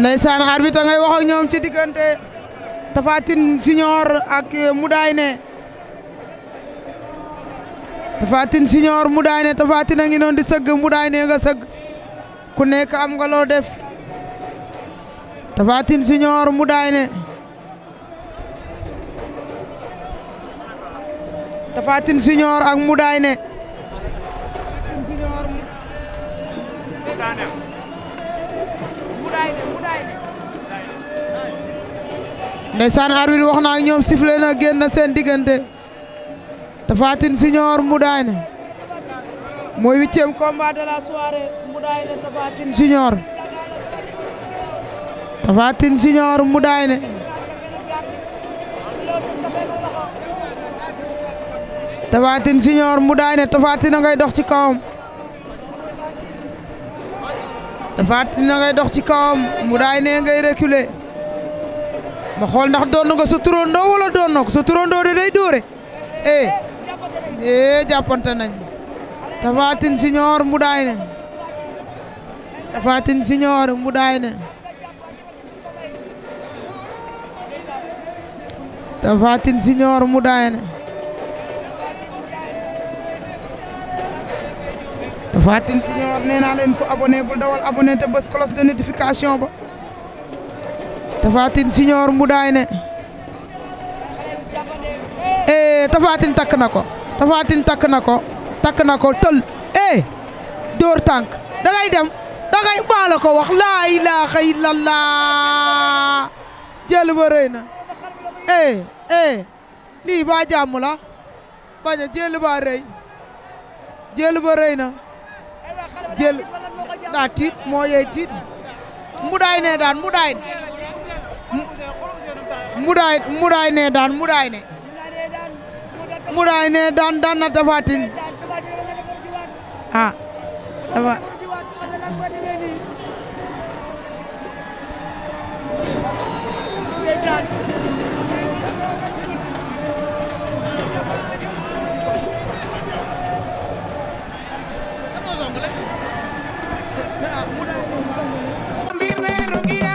ndeysaan arbitre ngay wax ak ñoom ci diggante Tapha Tine Junior ak Moudaay ne Tapha Tine Junior ne Tapha a ngi noon di sëgg Moudaay ne nga sëgg ku nekk am nga loo def Tapha Tine Junior Moudaay ne Tapha Tine ak Moudaay ne ndeysaan arbitre wax na ñoom sifflé na génn na seen diggante Tapha Tine Junior Mboudaye mooy huitième combat de la soirée Mboudaye Tapha Tine Junior Tapha Tine Junior ngay dox ci kawam Tapha Tine ngay dox ci kawam Mboudaye ngay reculer xool ndax doon nga sa turandoo wala doon na ko sa turandoo de day dóore eh eh jàppante nañ Tapha Tine Senior Mboudaye ne Tapha Tine Senior Mboudaye ne Tapha Tine Senior Mboudaye ne Tapha Tine Senior nee leen ko abonné bul dawal abonné te bës de notification ba Tafatin siñoor mbudaay ne ee eh, Tafatin takk na ko Tafatin takk na ko takk na ko tël ee eh, dóor tànk da ngay dem da ngay ko wax laa ilaaha illallah jël ba rëy na ee eh, ee lii ba jàmm la baña jël ba rëy jël ba rëy na jël daa tiit moo yey tiit mbudaay ne daan mbudaay ne mu mudaay ne daan mudaay ne mudaay ne daan na tafatin ah dafa mbir